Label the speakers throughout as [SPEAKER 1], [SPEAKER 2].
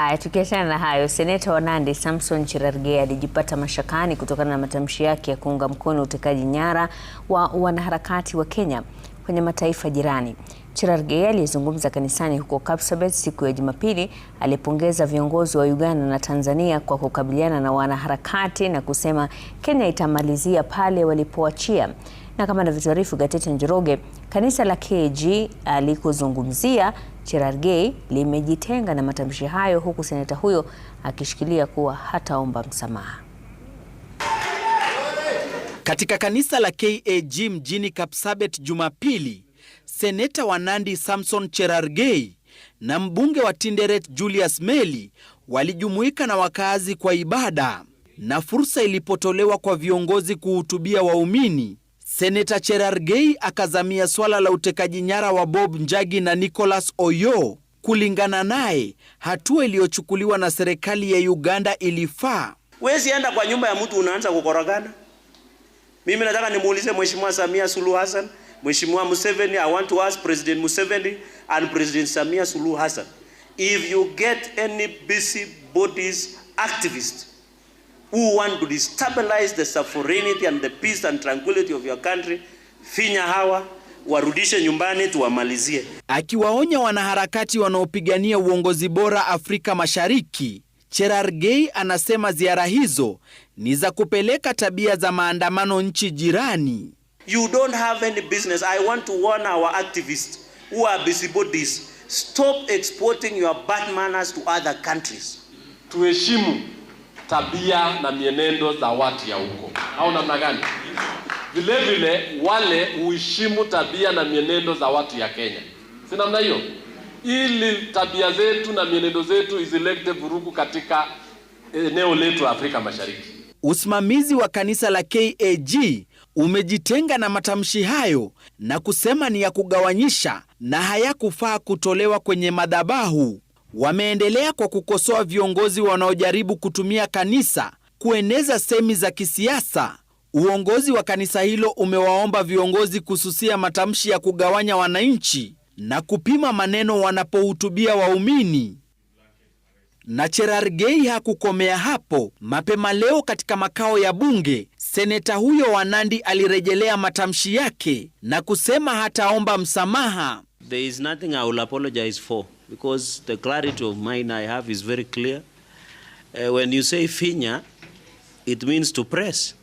[SPEAKER 1] Haya, tukiachana na hayo, seneta wa Nandi Samson Cherargei alijipata mashakani kutokana na matamshi yake ya kuunga mkono utekaji nyara wa wanaharakati wa Kenya kwenye mataifa jirani. Cherargei aliyezungumza kanisani huko Kapsabet siku ya Jumapili alipongeza viongozi wa Uganda na Tanzania kwa kukabiliana na wanaharakati na kusema Kenya itamalizia pale walipoachia na kama anavyotuarifu Gatete Njoroge, kanisa la KG alikozungumzia Cherargei limejitenga na matamshi hayo, huku seneta huyo akishikilia kuwa hataomba msamaha.
[SPEAKER 2] Katika kanisa la KAG mjini Kapsabet Jumapili, seneta wa Nandi Samson Cherargei na mbunge wa Tinderet Julius Meli walijumuika na wakazi kwa ibada, na fursa ilipotolewa kwa viongozi kuhutubia waumini Seneta Cherargei akazamia swala la utekaji nyara wa Bob Njagi na Nicholas Oyo. Kulingana naye, hatua iliyochukuliwa na serikali ya Uganda ilifaa.
[SPEAKER 3] Wezi enda kwa nyumba ya mtu unaanza kukorogana. Mimi nataka nimuulize Mheshimiwa Samia Suluhu Hassan, Mheshimiwa Museveni, I want to ask President Museveni and President Samia Suluhu Hassan if you get any busy
[SPEAKER 1] bodies activists who want to destabilize the sovereignty and the peace and tranquility of your country, finya hawa warudishe nyumbani tuwamalizie. Akiwaonya wanaharakati wanaopigania uongozi bora Afrika Mashariki, Cherargei anasema ziara hizo ni za kupeleka tabia za maandamano nchi jirani.
[SPEAKER 4] You don't have any business. I want to warn our activists who are busybodies. Stop exporting your bad manners to other countries.
[SPEAKER 5] Tuheshimu tabia na mienendo za watu ya huko, au namna gani? Vile vile wale huheshimu tabia na mienendo za watu ya Kenya, si namna hiyo? Ili tabia zetu na mienendo zetu isilete vurugu katika eneo letu Afrika Mashariki.
[SPEAKER 1] Usimamizi wa kanisa la KAG umejitenga na matamshi hayo na kusema ni ya kugawanyisha na hayakufaa kutolewa kwenye madhabahu. Wameendelea kwa kukosoa viongozi wanaojaribu kutumia kanisa kueneza semi za kisiasa. Uongozi wa kanisa hilo umewaomba viongozi kususia matamshi ya kugawanya wananchi na kupima maneno wanapohutubia waumini. Na Cherargei hakukomea hapo. Mapema leo katika makao ya bunge, seneta huyo wa Nandi alirejelea matamshi yake na kusema hataomba msamaha.
[SPEAKER 6] There is nothing I will apologize for because the clarity of mind I have is very clear. Uh, when you say finya, it means to press.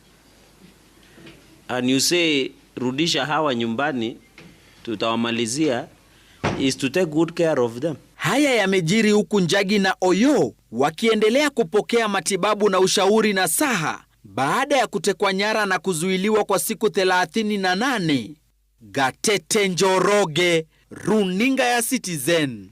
[SPEAKER 6] And you say rudisha hawa nyumbani, tutawamalizia is to take good care of them.
[SPEAKER 1] Haya yamejiri huku Njagi na Oyo wakiendelea kupokea matibabu na ushauri na saha baada ya kutekwa nyara na kuzuiliwa kwa siku 38. Gatete Njoroge, Runinga ya Citizen.